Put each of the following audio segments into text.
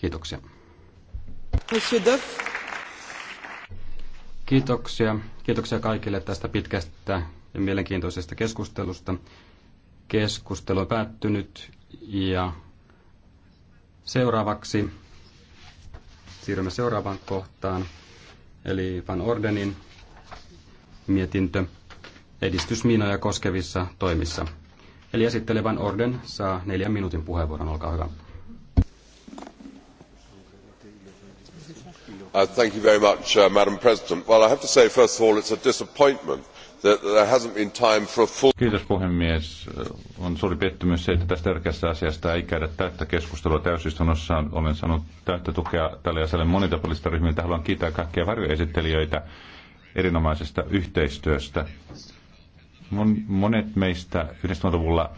Kiitoksia. Monsieur Duff. Kiitoksia. Kiitoksia kaikille tästä pitkästä ja mielenkiintoisesta keskustelusta. Keskustelu on päättynyt ja seuraavaksi siirrymme seuraavaan kohtaan, eli Van Ordenin mietintö edistysmiinoja koskevissa toimissa. Eli esittelevän Orden saa neljän minuutin puheenvuoron, olkaa hyvä. Uh, uh, madam president i have to say first of all that it is a disappointment that there has not been time for a full. puhemies. Uh, on suuri pettymys se, että tästä tärkeästä asiasta ei käydä täyttä keskustelua täysistunnossa. Olen saanut täyttä tukea tälle asialle monilta poliittisilta ryhmiltä. Haluan kiittää kaikkia varjoesittelijöitä erinomaisesta yhteistyöstä. Monet meistä 90-luvulla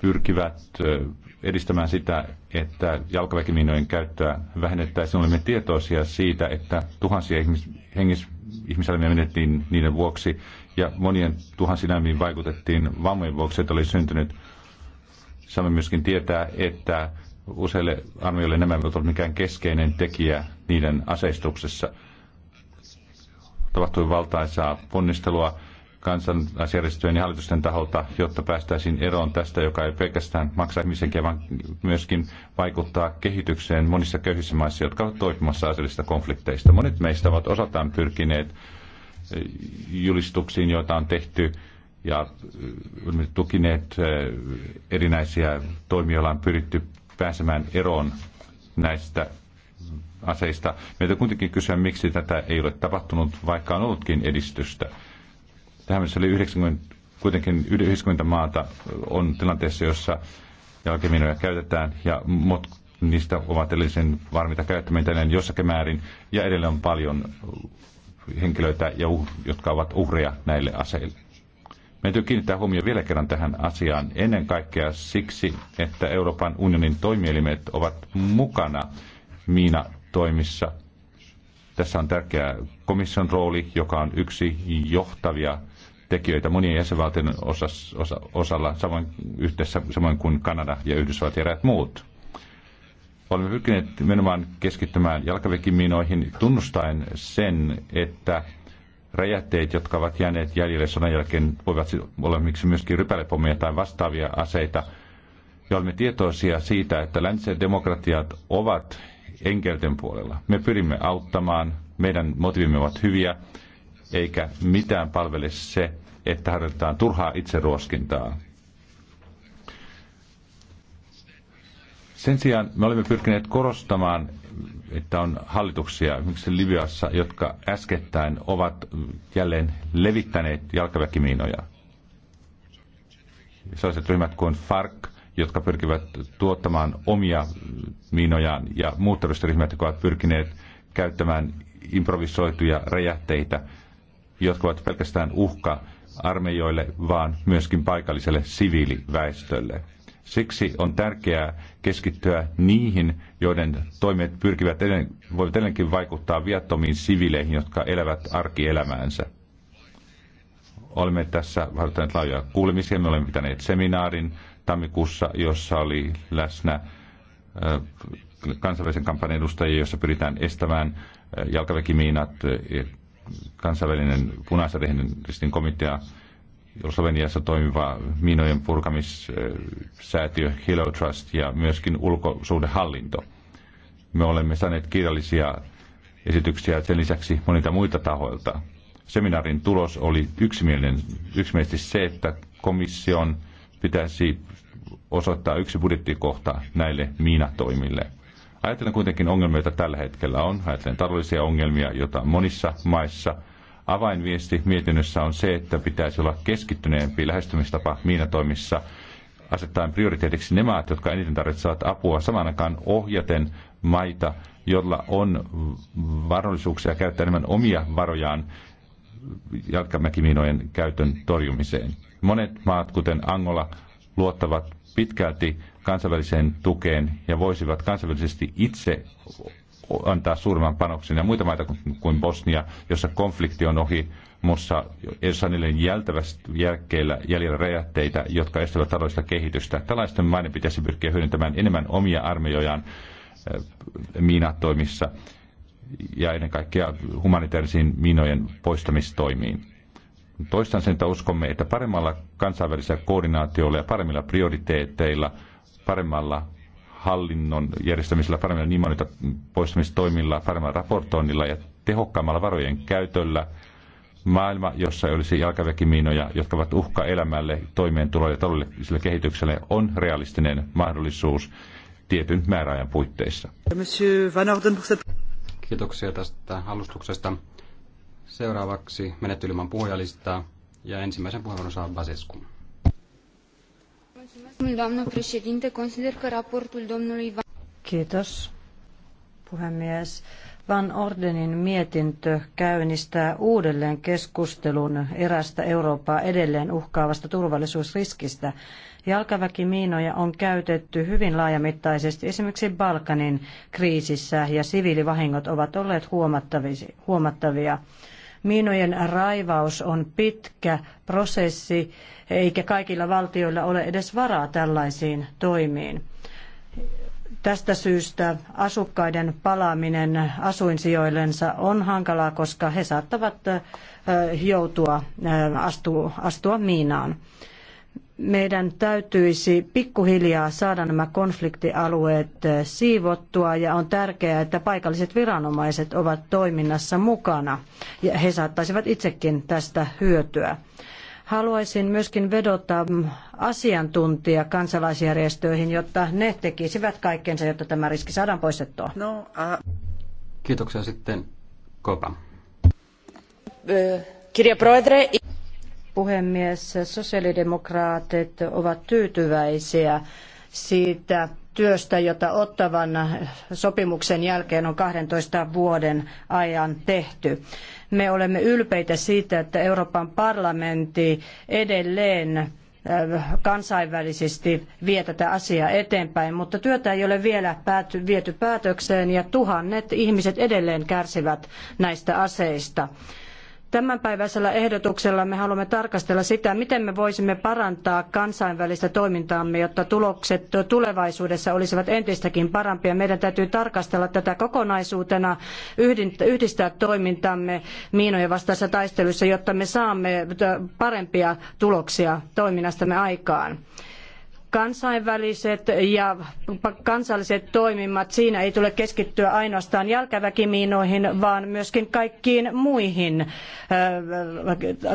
pyrkivät edistämään sitä, että jalkaväkimiinojen käyttöä vähennettäisiin. Olemme tietoisia siitä, että tuhansia ihmis- hengis- ihmiselämiä menettiin niiden vuoksi ja monien tuhansien elämiin vaikutettiin vammojen vuoksi, että oli syntynyt. Saamme myöskin tietää, että useille armeijoille nämä eivät ole mikään keskeinen tekijä niiden aseistuksessa. Tapahtui valtaisaa ponnistelua kansalaisjärjestöjen ja hallitusten taholta, jotta päästäisiin eroon tästä, joka ei pelkästään maksa ihmisenkin, vaan myöskin vaikuttaa kehitykseen monissa köyhissä maissa, jotka ovat toipumassa aseellisista konflikteista. Monet meistä ovat osaltaan pyrkineet eh, julistuksiin, joita on tehty ja eh, tukineet eh, erinäisiä toimijoilla on pyritty pääsemään eroon näistä aseista. Meitä kuitenkin kysyä, miksi tätä ei ole tapahtunut, vaikka on ollutkin edistystä. Tähän mennessä oli 90, kuitenkin 90 maata on tilanteessa, jossa jalkeminoja käytetään ja mot, niistä ovat edellisen varmita käyttämään jossakin määrin ja edelleen on paljon henkilöitä, ja uh, jotka ovat uhreja näille aseille. Meidän täytyy kiinnittää huomio vielä kerran tähän asiaan ennen kaikkea siksi, että Euroopan unionin toimielimet ovat mukana toimissa. Tässä on tärkeä komission rooli, joka on yksi johtavia tekijöitä monien jäsenvaltion osas, osa, osalla, samoin, yhdessä, samoin kuin Kanada ja Yhdysvallat ja eräät muut. Olemme pyrkineet nimenomaan keskittymään jalkaväkimiinoihin tunnustaen sen, että räjähteet, jotka ovat jääneet jäljelle sodan jälkeen, voivat olla miksi myöskin rypälepommeja tai vastaavia aseita. Ja olemme tietoisia siitä, että läntiset demokratiat ovat enkelten puolella. Me pyrimme auttamaan, meidän motiivimme ovat hyviä, eikä mitään palvele se, että harjoitetaan turhaa itseruoskintaa. Sen sijaan me olemme pyrkineet korostamaan, että on hallituksia, esimerkiksi Libyassa, jotka äskettäin ovat jälleen levittäneet jalkaväkimiinoja. Sellaiset ryhmät kuin FARC, jotka pyrkivät tuottamaan omia miinojaan, ja muut ryhmät jotka ovat pyrkineet käyttämään improvisoituja räjähteitä jotka ovat pelkästään uhka armeijoille, vaan myöskin paikalliselle siviiliväestölle. Siksi on tärkeää keskittyä niihin, joiden toimet pyrkivät edelleen, voivat edelleenkin vaikuttaa viattomiin siviileihin, jotka elävät arkielämäänsä. Olemme tässä varten laajoja kuulemisia. Me olemme pitäneet seminaarin tammikuussa, jossa oli läsnä kansainvälisen kampanjan edustajia, jossa pyritään estämään jalkaväkimiinat kansainvälinen punaisen ristin komitea, Sloveniassa toimiva miinojen purkamissäätiö Hilo Trust ja myöskin ulkosuhdehallinto. Me olemme saaneet kirjallisia esityksiä sen lisäksi monilta muita tahoilta. Seminaarin tulos oli yksimielinen, yksimielisesti se, että komission pitäisi osoittaa yksi budjettikohta näille miinatoimille. Ajattelen kuitenkin ongelmia, joita tällä hetkellä on. Ajattelen taloudellisia ongelmia, joita on monissa maissa. Avainviesti mietinnössä on se, että pitäisi olla keskittyneempi lähestymistapa miinatoimissa, asettaen prioriteetiksi ne maat, jotka eniten tarvitsevat apua, samanakaan ohjaten maita, joilla on varallisuuksia käyttää enemmän omia varojaan jalkamäkimiinojen käytön torjumiseen. Monet maat, kuten Angola, luottavat pitkälti kansainväliseen tukeen ja voisivat kansainvälisesti itse antaa suuremman panoksen ja muita maita kuin Bosnia, jossa konflikti on ohi, mutta jossa niille jältävästi jälkeillä jäljellä räjähteitä, jotka estävät taloudellista kehitystä. Tällaisten maiden pitäisi pyrkiä hyödyntämään enemmän omia armeijojaan äh, miinatoimissa ja ennen kaikkea humanitaarisiin miinojen poistamistoimiin. Toistan sen, että uskomme, että paremmalla kansainvälisellä koordinaatiolla ja paremmilla prioriteetteilla – paremmalla hallinnon järjestämisellä, paremmilla nimonita poistamistoimilla, paremmalla raportoinnilla ja tehokkaammalla varojen käytöllä. Maailma, jossa ei olisi jalkaväkimiinoja, jotka ovat uhka elämälle, toimeentulolle ja taloudelliselle kehitykselle, on realistinen mahdollisuus tietyn määräajan puitteissa. Kiitoksia tästä alustuksesta. Seuraavaksi menettelymän puhujalistaa ja ensimmäisen puheenvuoron saa Basescu. Consider că raportul domnului Van... Kiitos, puhemies. Van Ordenin mietintö käynnistää uudelleen keskustelun erästä Eurooppaa edelleen uhkaavasta turvallisuusriskistä. Jalkaväkimiinoja on käytetty hyvin laajamittaisesti esimerkiksi Balkanin kriisissä ja siviilivahingot ovat olleet huomattavia. Miinojen raivaus on pitkä prosessi, eikä kaikilla valtioilla ole edes varaa tällaisiin toimiin. Tästä syystä asukkaiden palaaminen asuinsijoillensa on hankalaa, koska he saattavat joutua astua, astua miinaan meidän täytyisi pikkuhiljaa saada nämä konfliktialueet eh, siivottua ja on tärkeää, että paikalliset viranomaiset ovat toiminnassa mukana ja he saattaisivat itsekin tästä hyötyä. Haluaisin myöskin vedota mm, asiantuntija kansalaisjärjestöihin, jotta ne tekisivät kaikkensa, jotta tämä riski saadaan poistettua. No, Kiitoksia sitten Kopa. Kirja Proedre puhemies. Sosiaalidemokraatit ovat tyytyväisiä siitä työstä, jota ottavan sopimuksen jälkeen on 12 vuoden ajan tehty. Me olemme ylpeitä siitä, että Euroopan parlamentti edelleen äh, kansainvälisesti vie tätä asiaa eteenpäin, mutta työtä ei ole vielä pääty, viety päätökseen ja tuhannet ihmiset edelleen kärsivät näistä aseista. Tämänpäiväisellä ehdotuksella me haluamme tarkastella sitä, miten me voisimme parantaa kansainvälistä toimintaamme, jotta tulokset tulevaisuudessa olisivat entistäkin parampia. Meidän täytyy tarkastella tätä kokonaisuutena, yhdistää toimintamme miinojen vastaisessa taistelussa, jotta me saamme parempia tuloksia toiminnastamme aikaan kansainväliset ja kansalliset toimimat, siinä ei tule keskittyä ainoastaan jalkaväkimiinoihin, vaan myöskin kaikkiin muihin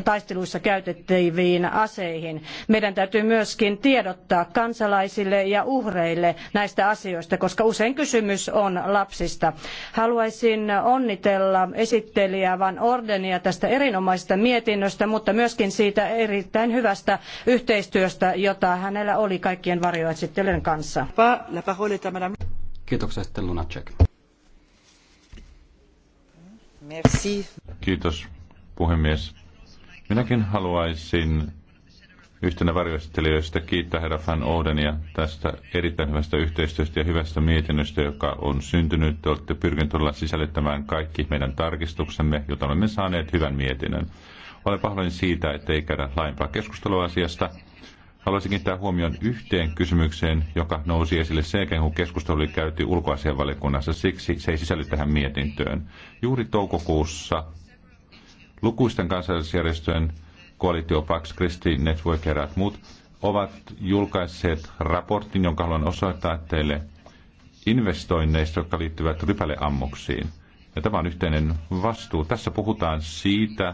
taisteluissa käytettäviin aseihin. Meidän täytyy myöskin tiedottaa kansalaisille ja uhreille näistä asioista, koska usein kysymys on lapsista. Haluaisin onnitella esittelijä Van Ordenia tästä erinomaisesta mietinnöstä, mutta myöskin siitä erittäin hyvästä yhteistyöstä, jota hänellä oli kaikkien varjoesittelyjen kanssa. Kiitoksia sitten Lunacek. Merci. Kiitos puhemies. Minäkin haluaisin yhtenä varjoesittelijöistä kiittää herra Van Oudenia tästä erittäin hyvästä yhteistyöstä ja hyvästä mietinnöstä, joka on syntynyt. Te olette pyrkineet olla sisällyttämään kaikki meidän tarkistuksemme, jota olemme saaneet hyvän mietinnön. Olen pahoin siitä, ettei käydä laajempaa keskustelua asiasta. Haluaisin kiinnittää huomion yhteen kysymykseen, joka nousi esille sen jälkeen, kun keskustelu oli käyty ulkoasianvaliokunnassa. Siksi se ei sisälly tähän mietintöön. Juuri toukokuussa lukuisten kansallisjärjestöjen koalitio Pax Christi Network ja muut ovat julkaisseet raportin, jonka haluan osoittaa teille investoinneista, jotka liittyvät rypäleammuksiin. Ja tämä on yhteinen vastuu. Tässä puhutaan siitä,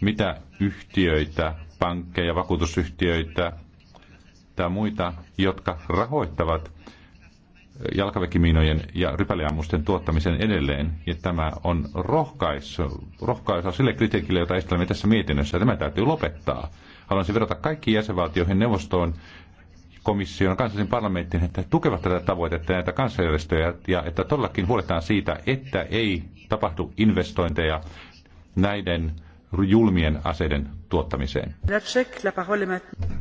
mitä yhtiöitä, pankkeja, vakuutusyhtiöitä, syyttää muita, jotka rahoittavat jalkaväkimiinojen ja rypäleammusten tuottamisen edelleen. Ja tämä on rohkaisu, rohkaisu sille kritiikille, jota esitämme tässä mietinnössä. Tämä täytyy lopettaa. Haluaisin siis vedota kaikkiin jäsenvaltioihin neuvostoon komission kansallisen parlamenttiin, että tukevat tätä tavoitetta näitä kansanjärjestöjä ja että todellakin huoletaan siitä, että ei tapahdu investointeja näiden julmien aseiden tuottamiseen.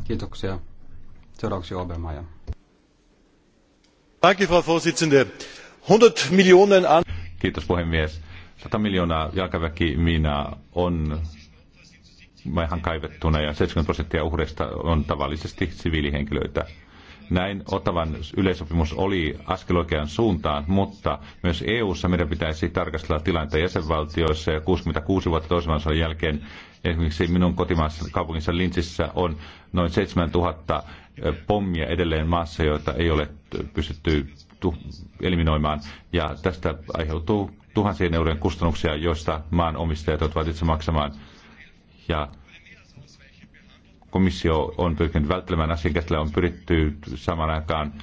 Kiitoksia. Seuraavaksi Obermaja. Kiitos puhemies. 100 miljoonaa jalkaväkimiinaa on maahan kaivettuna ja seitsemänkymmentä prosenttia uhreista on tavallisesti siviilihenkilöitä. Näin Ottavan yleisopimus oli askel oikeaan suuntaan, mutta myös EU-ssa meidän pitäisi tarkastella tilannetta jäsenvaltioissa ja kuusikymmentäkuusi vuotta toisen jälkeen Esimerkiksi minun kotimaassa kaupungissa Linsissä on noin 7000 pommia edelleen maassa, joita ei ole pystytty eliminoimaan. Ja tästä aiheutuu tuhansien eurojen kustannuksia, joista maanomistajat ovat itse maksamaan. Ja komissio on pyrkinyt välttelemään asian käsillä, on pyritty saman aikaan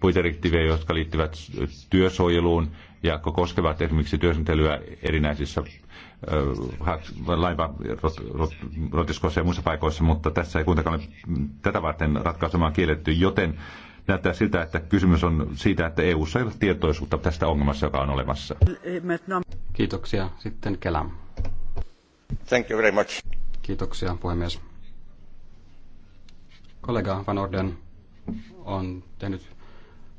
puiterektiivejä, jotka liittyvät työsuojeluun ja koskevat esimerkiksi työskentelyä erinäisissä laiva rotiskossa ja muissa paikoissa, mutta tässä ei kuitenkaan ole tätä varten ratkaisemaan kielletty, joten näyttää siltä, että kysymys on siitä, että EU ei ole tietoisuutta tästä ongelmasta, joka on olemassa. Kiitoksia. Sitten Kelam. Thank you very much. Kiitoksia, puhemies. Kollega Van Orden on tehnyt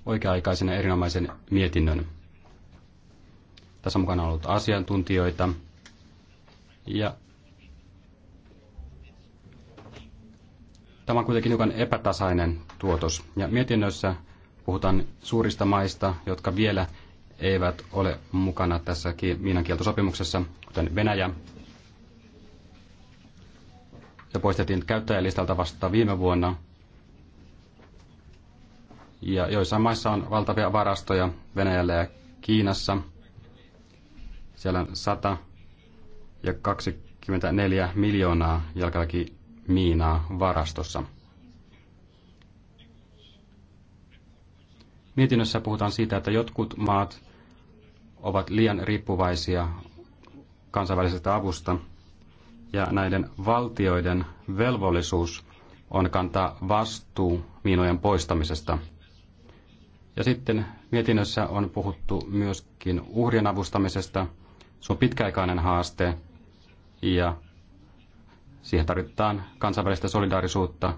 oikea-aikaisen ja erinomaisen mietinnön. Tässä on mukana ollut asiantuntijoita, ja tämä on kuitenkin hiukan epätasainen tuotos. Ja mietinnössä puhutaan suurista maista, jotka vielä eivät ole mukana tässä miinankieltosopimuksessa, kuten Venäjä. Se poistettiin käyttäjälistalta vasta viime vuonna. Ja joissain maissa on valtavia varastoja Venäjällä ja Kiinassa. Siellä on 100 ja 24 miljoonaa jalkaväki miinaa varastossa. Mietinnössä puhutaan siitä, että jotkut maat ovat liian riippuvaisia kansainvälisestä avusta ja näiden valtioiden velvollisuus on kantaa vastuu miinojen poistamisesta. Ja sitten mietinnössä on puhuttu myöskin uhrien avustamisesta. Se on pitkäaikainen haaste ja siihen tarvitaan kansainvälistä solidaarisuutta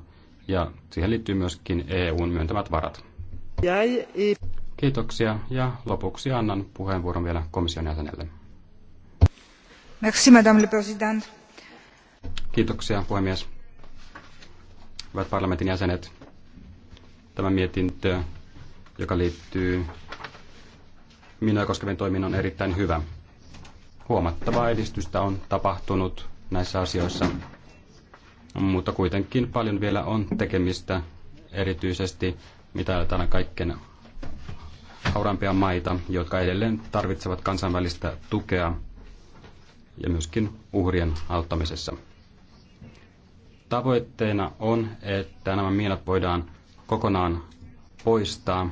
ja siihen liittyy myöskin EUn myöntämät varat. Kiitoksia ja lopuksi annan puheenvuoron vielä komission jäsenelle. Merci, Madame le Président. Kiitoksia puhemies. Hyvät parlamentin jäsenet, tämä mietintö, joka liittyy minua koskevien toiminnan, on erittäin hyvä. Huomattavaa edistystä on tapahtunut näissä asioissa, mutta kuitenkin paljon vielä on tekemistä, erityisesti mitä täällä kaikkien haurampia maita, jotka edelleen tarvitsevat kansainvälistä tukea ja myöskin uhrien auttamisessa. Tavoitteena on, että nämä miinat voidaan kokonaan poistaa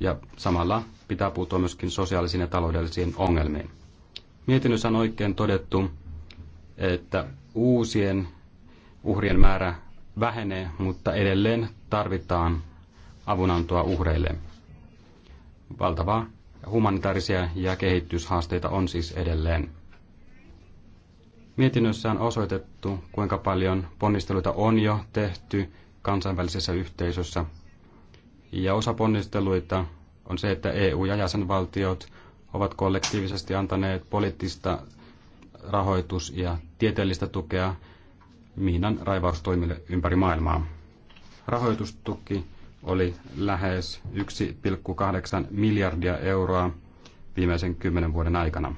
ja samalla pitää puuttua myöskin sosiaalisiin ja taloudellisiin ongelmiin. Mietinnössä on oikein todettu, että uusien uhrien määrä vähenee, mutta edelleen tarvitaan avunantoa uhreille. Valtavaa humanitaarisia ja kehityshaasteita on siis edelleen. Mietinnössä on osoitettu, kuinka paljon ponnisteluita on jo tehty kansainvälisessä yhteisössä ja osa ponnisteluita on se, että EU ja jäsenvaltiot ovat kollektiivisesti antaneet poliittista rahoitus- ja tieteellistä tukea miinan raivaustoimille ympäri maailmaa. Rahoitustuki oli lähes 1,8 miljardia euroa viimeisen kymmenen vuoden aikana.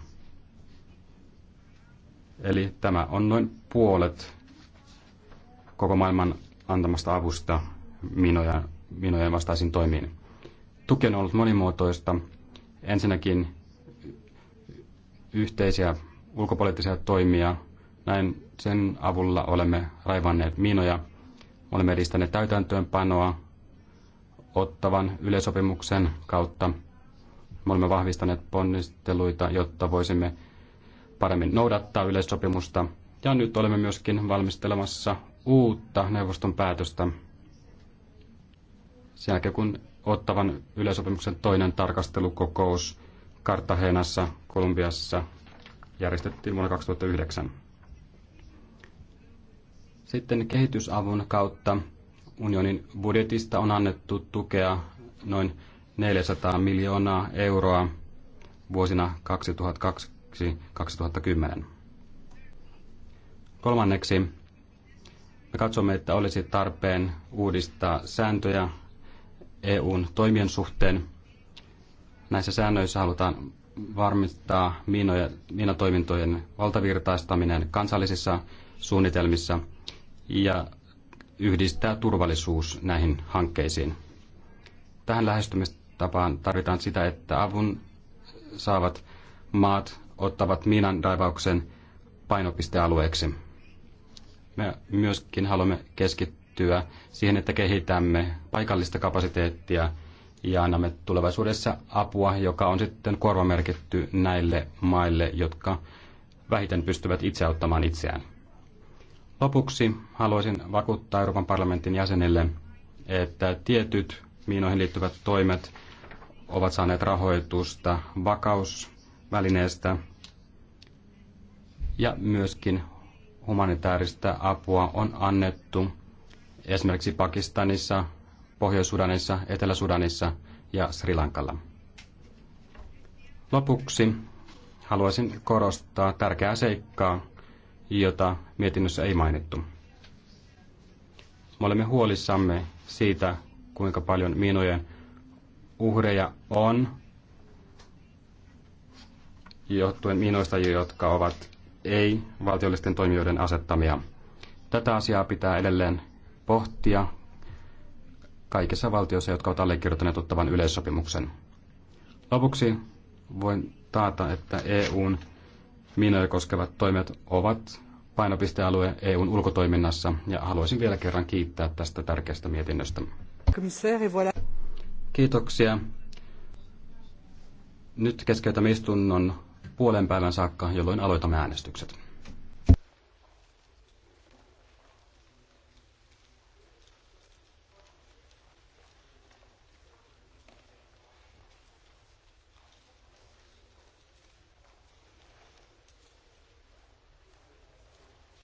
Eli tämä on noin puolet koko maailman antamasta avusta minoja minojen vastaisiin toimiin. Tuki on ollut monimuotoista. Ensinnäkin yhteisiä ulkopoliittisia toimia. Näin sen avulla olemme raivanneet miinoja. Olemme edistäneet täytäntöönpanoa ottavan yleisopimuksen kautta. Me olemme vahvistaneet ponnisteluita, jotta voisimme paremmin noudattaa yleissopimusta. Ja nyt olemme myöskin valmistelemassa uutta neuvoston päätöstä sen jälkeen kun ottavan yleisopimuksen toinen tarkastelukokous Kartahenassa, Kolumbiassa järjestettiin vuonna 2009. Sitten kehitysavun kautta unionin budjetista on annettu tukea noin 400 miljoonaa euroa vuosina 2002-2010. Kolmanneksi me katsomme, että olisi tarpeen uudistaa sääntöjä EUn toimien suhteen Näissä säännöissä halutaan varmistaa miinoja, miinatoimintojen valtavirtaistaminen kansallisissa suunnitelmissa ja yhdistää turvallisuus näihin hankkeisiin. Tähän lähestymistapaan tarvitaan sitä, että avun saavat maat ottavat miinan raivauksen painopistealueeksi. Me myöskin haluamme keskittyä keskittyä siihen, että kehitämme paikallista kapasiteettia ja annamme tulevaisuudessa apua, joka on sitten korvamerkitty näille maille, jotka vähiten pystyvät itse auttamaan itseään. Lopuksi haluaisin vakuuttaa Euroopan parlamentin jäsenille, että tietyt miinoihin liittyvät toimet ovat saaneet rahoitusta vakausvälineestä ja myöskin humanitaarista apua on annettu esimerkiksi Pakistanissa, Pohjois-Sudanissa, Etelä-Sudanissa ja Sri Lankalla. Lopuksi haluaisin korostaa tärkeää seikkaa, jota mietinnössä ei mainittu. Me olemme huolissamme siitä, kuinka paljon miinojen uhreja on, johtuen miinoista, jotka ovat ei-valtiollisten toimijoiden asettamia. Tätä asiaa pitää edelleen pohtia kaikissa valtioissa, jotka ovat allekirjoittaneet ottavan yleissopimuksen. Lopuksi voin taata, että EUn minoja koskevat toimet ovat painopistealue EUn ulkotoiminnassa ja haluaisin vielä kerran kiittää tästä tärkeästä mietinnöstä. Kiitoksia. Nyt keskeytämme istunnon puolen päivän saakka, jolloin aloitamme äänestykset.